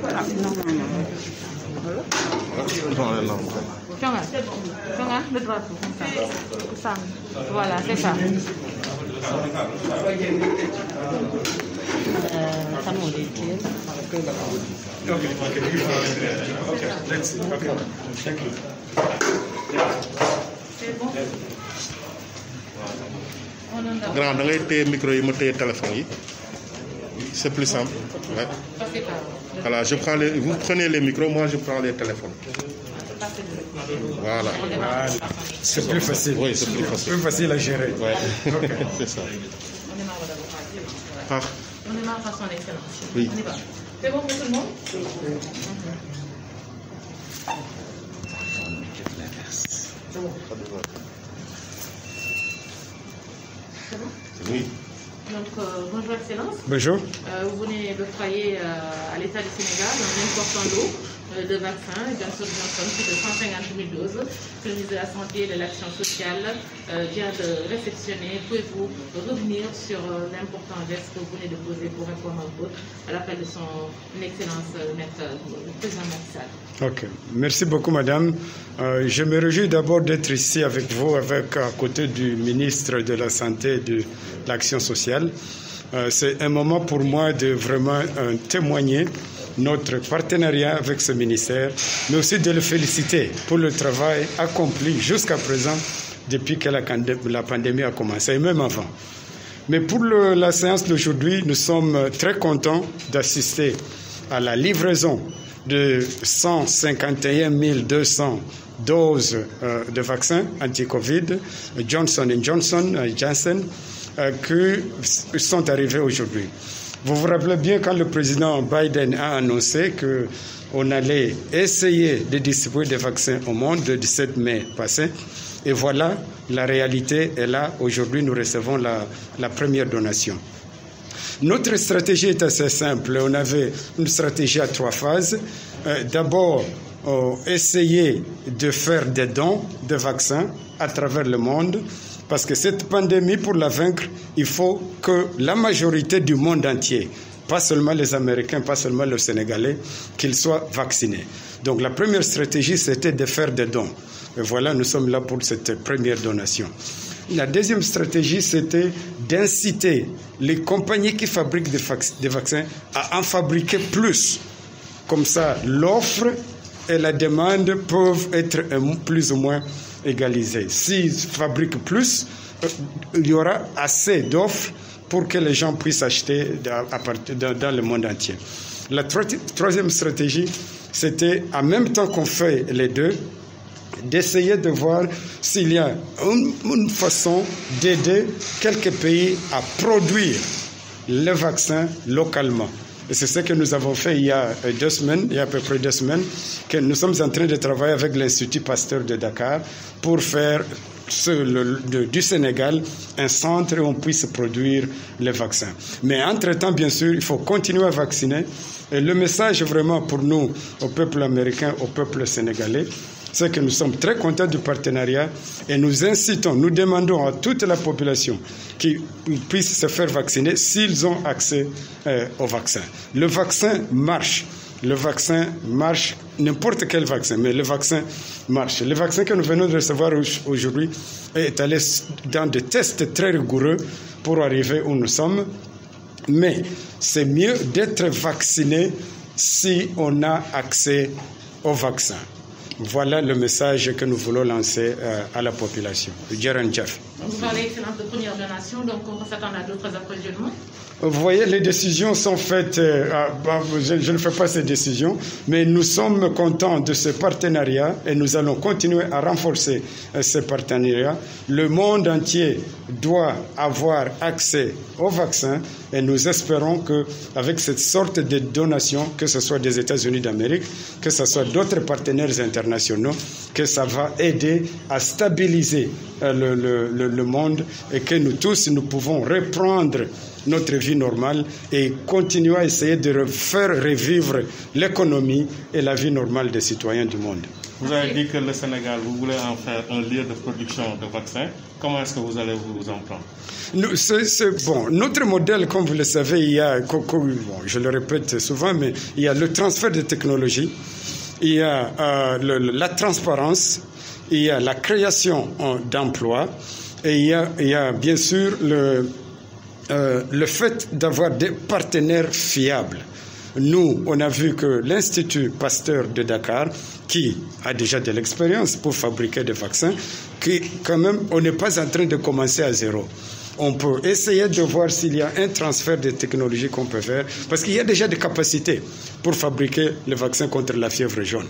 Voilà, c'est ça. Grand, da ngay téye micro yi téléphone C'est plus simple. Voilà, je prends les, vous prenez les micros, moi je prends les téléphones. Voilà. C'est plus facile. Oui, c'est plus facile. Plus facile à gérer. Ouais. Okay. c'est ça. Par. On est dans la excellence. Oui. On y va. C'est bon pour tout le monde C'est bon. C'est bon. Oui. Euh, bonjour Excellence. Bonjour. Euh, vous venez de travailler euh, à l'État du Sénégal un important lot de euh, vaccins, bien sûr Johnson, plus de 150 000 doses. Que le ministre de la Santé et de l'Action sociale euh, vient de réceptionner. Pouvez-vous revenir sur euh, l'important geste que vous venez de poser pour répondre à l'appel de son Excellence, le président Ok, merci beaucoup, madame. je me réjouis d'abord d'être ici avec vous, avec à côté du ministre de la Santé et de l'Action sociale. C'est un moment pour moi de vraiment témoigner notre partenariat avec ce ministère, mais aussi de le féliciter pour le travail accompli jusqu'à présent depuis que la pandémie a commencé, et même avant. Mais pour la séance d'aujourd'hui, nous sommes très contents d'assister à la livraison de 151 200 doses euh, de vaccins anti-Covid, Johnson Johnson, euh, Janssen, euh, qui sont arrivées aujourd'hui. Vous vous rappelez bien quand le président Biden a annoncé que on allait essayer de distribuer des vaccins au monde le 17 mai passé. Et voilà, la réalité est là. Aujourd'hui, nous recevons la, première donation. Notre stratégie est assez simple. On avait une stratégie à trois phases. Euh, d'abord, essayer de faire des dons de vaccins à travers le monde, parce que cette pandémie, pour la vaincre, il faut que la majorité du monde entier, pas seulement les Américains, pas seulement les Sénégalais, qu'ils soient vaccinés. Donc la première stratégie, c'était de faire des dons. Et voilà, nous sommes là pour cette première donation. La deuxième stratégie, c'était d'inciter les compagnies qui fabriquent des, des vaccins à en fabriquer plus. Comme ça, l'offre et la demande peuvent être euh, plus ou moins égalisées. S'ils fabriquent plus, euh, il y aura assez d'offres pour que les gens puissent acheter dans le monde entier. La troisième stratégie, c'était en même temps qu'on fait les deux, d'essayer de voir s'il y a une, façon d'aider quelques pays à produire le vaccin localement. Et c'est ce que nous avons fait il y a euh, deux semaines, il y a à peu près deux semaines, que nous sommes en train de travailler avec l'Institut Pasteur de Dakar pour faire du Sénégal un centre où on puisse produire les vaccins. Mais entre-temps, bien sûr, il faut continuer à vacciner. Et le message vraiment pour nous, au peuple américain, au peuple sénégalais, c'est que nous sommes très contents du partenariat et nous incitons, nous demandons à toute la population qu'ils puissent se faire vacciner s'ils ont accès euh, au vaccin. Le vaccin marche. Le vaccin marche, n'importe quel vaccin, mais le vaccin marche. Le vaccin que nous venons de recevoir aujourd'hui est allé dans des tests très rigoureux pour arriver où nous sommes. Mais c'est mieux d'être vacciné si on a accès au vaccin. Voilà le message que nous voulons lancer euh, à la population. Vous parlez d'excellence de première génération, donc on s'attend à d'autres approvisionnements vous voyez, les décisions sont faites, euh, ah, bah, je, ne fais pas ces décisions, mais nous sommes contents de ce partenariat et nous allons continuer à renforcer euh, ce partenariat. Le monde entier doit avoir accès au vaccin et nous espérons que avec cette sorte de donation, que ce soit des États-Unis d'Amérique, que ce soit d'autres partenaires internationaux, que ça va aider à stabiliser euh, le monde et que nous tous, nous pouvons reprendre notre vie normale et continuer à essayer de faire revivre l'économie et la vie normale des citoyens du monde. Vous avez dit que le Sénégal, vous voulez en faire un lieu de production de vaccins. Comment est-ce que vous allez vous en prendre Nous, bon. Notre modèle, comme vous le savez, il y a, je le répète souvent, mais il y a le transfert de technologie, il y a euh, la transparence, il y a la création euh, d'emplois. Et il il y a, bien sûr le, euh, le fait d'avoir des partenaires fiables. Nous, on a vu que l'Institut Pasteur de Dakar, qui a déjà de l'expérience pour fabriquer des vaccins, qui, quand même, on n'est pas en train de commencer à zéro on peut essayer de voir s'il y a un transfert de technologie qu'on peut faire, parce qu'il y a déjà des capacités pour fabriquer le vaccin contre la fièvre jaune.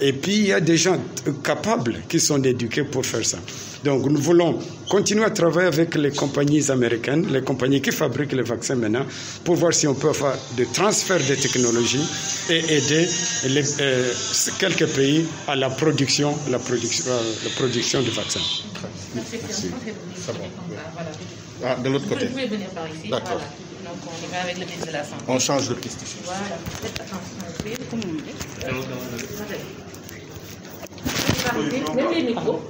Et puis, il y a des gens capables qui sont éduqués pour faire ça. Donc, nous voulons continuer à travailler avec les compagnies américaines, les compagnies qui fabriquent les vaccins maintenant, pour voir si on peut faire des transferts de technologies et aider les, euh, quelques pays à la production, la production, euh, la production du vaccin. Merci. Ah, de l'autre côté. D'accord. on change de question. Voilà. comme Nem limitou.